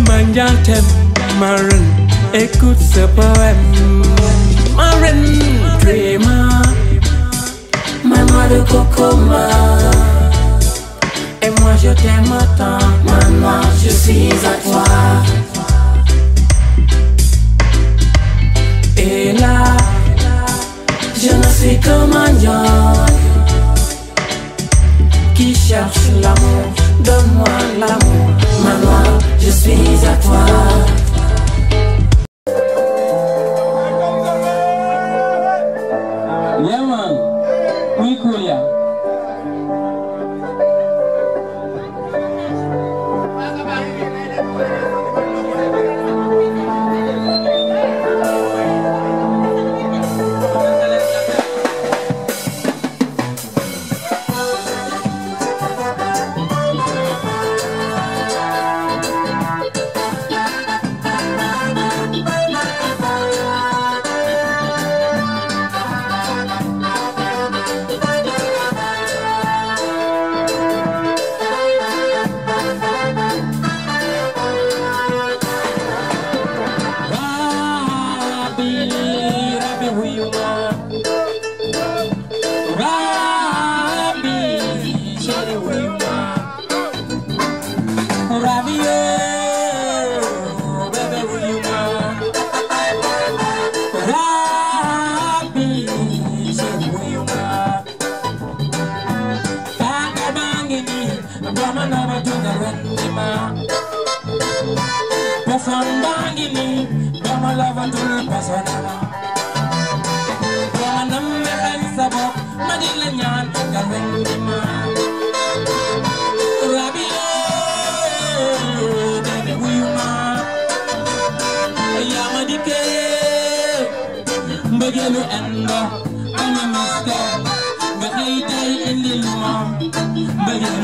man jantem Marin écoute ce poème Marin Dreamer mother de come Gonna never do the rendima Person bangini Gonna love to the personana Gonna me el sabok Madila nyan the rendima Rabio Demi wima Yamadike Mbegelu endo Anamista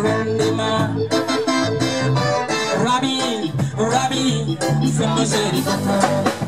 Rabi, Rabi, Rabi, Rabi,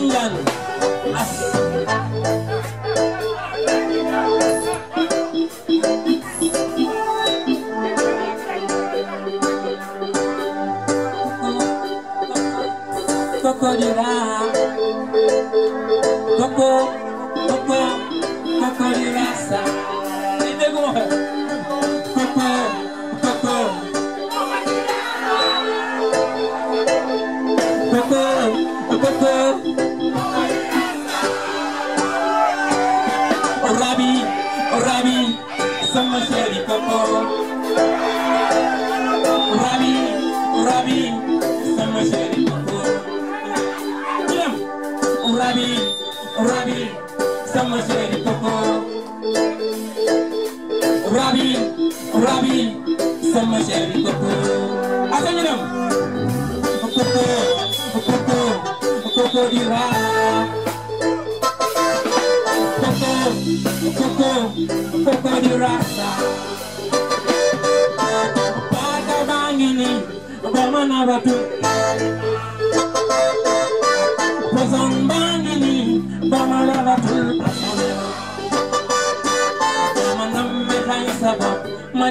London. Coco de la Coco, Coco, Coco de la masih di sama saya di kokoro diam urabi sama di kokoro urabi sama saya di kokoro asal minum kokoro kokoro kokoro irabi My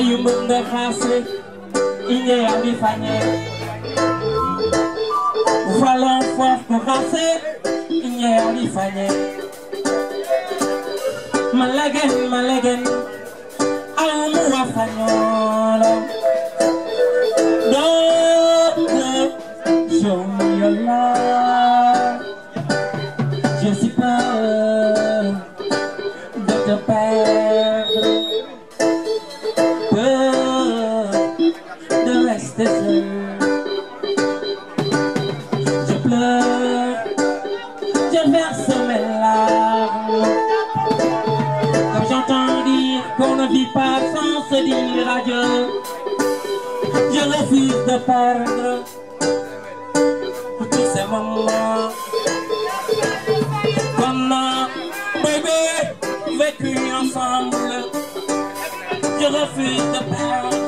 Ayu mendekasi Inye yang difanye Voilà fof mekasi Inye yang Malagen malagen, malegen Au muwafanyo Do do Show me qu'on ne vit pas sans se dire adieu. Je refuse de perdre tous ces moments. Qu'on a, bébé, vécu ensemble. Je refuse de perdre.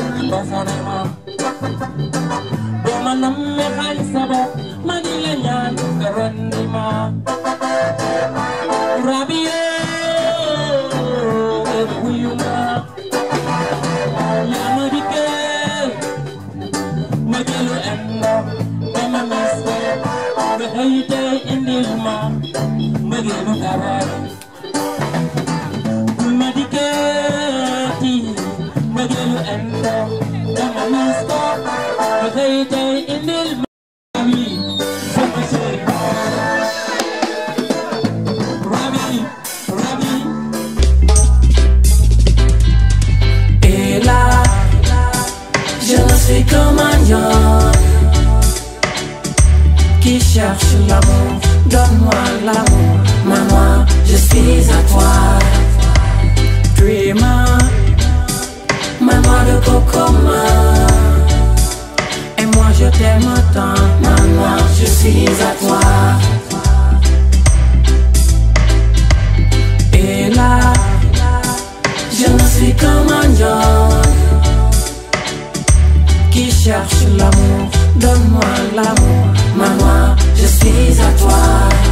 Don't wanna je t'aime autant, maman, je suis à toi. Et là, je ne suis comme un qui cherche l'amour. Donne-moi l'amour, maman, je suis à toi.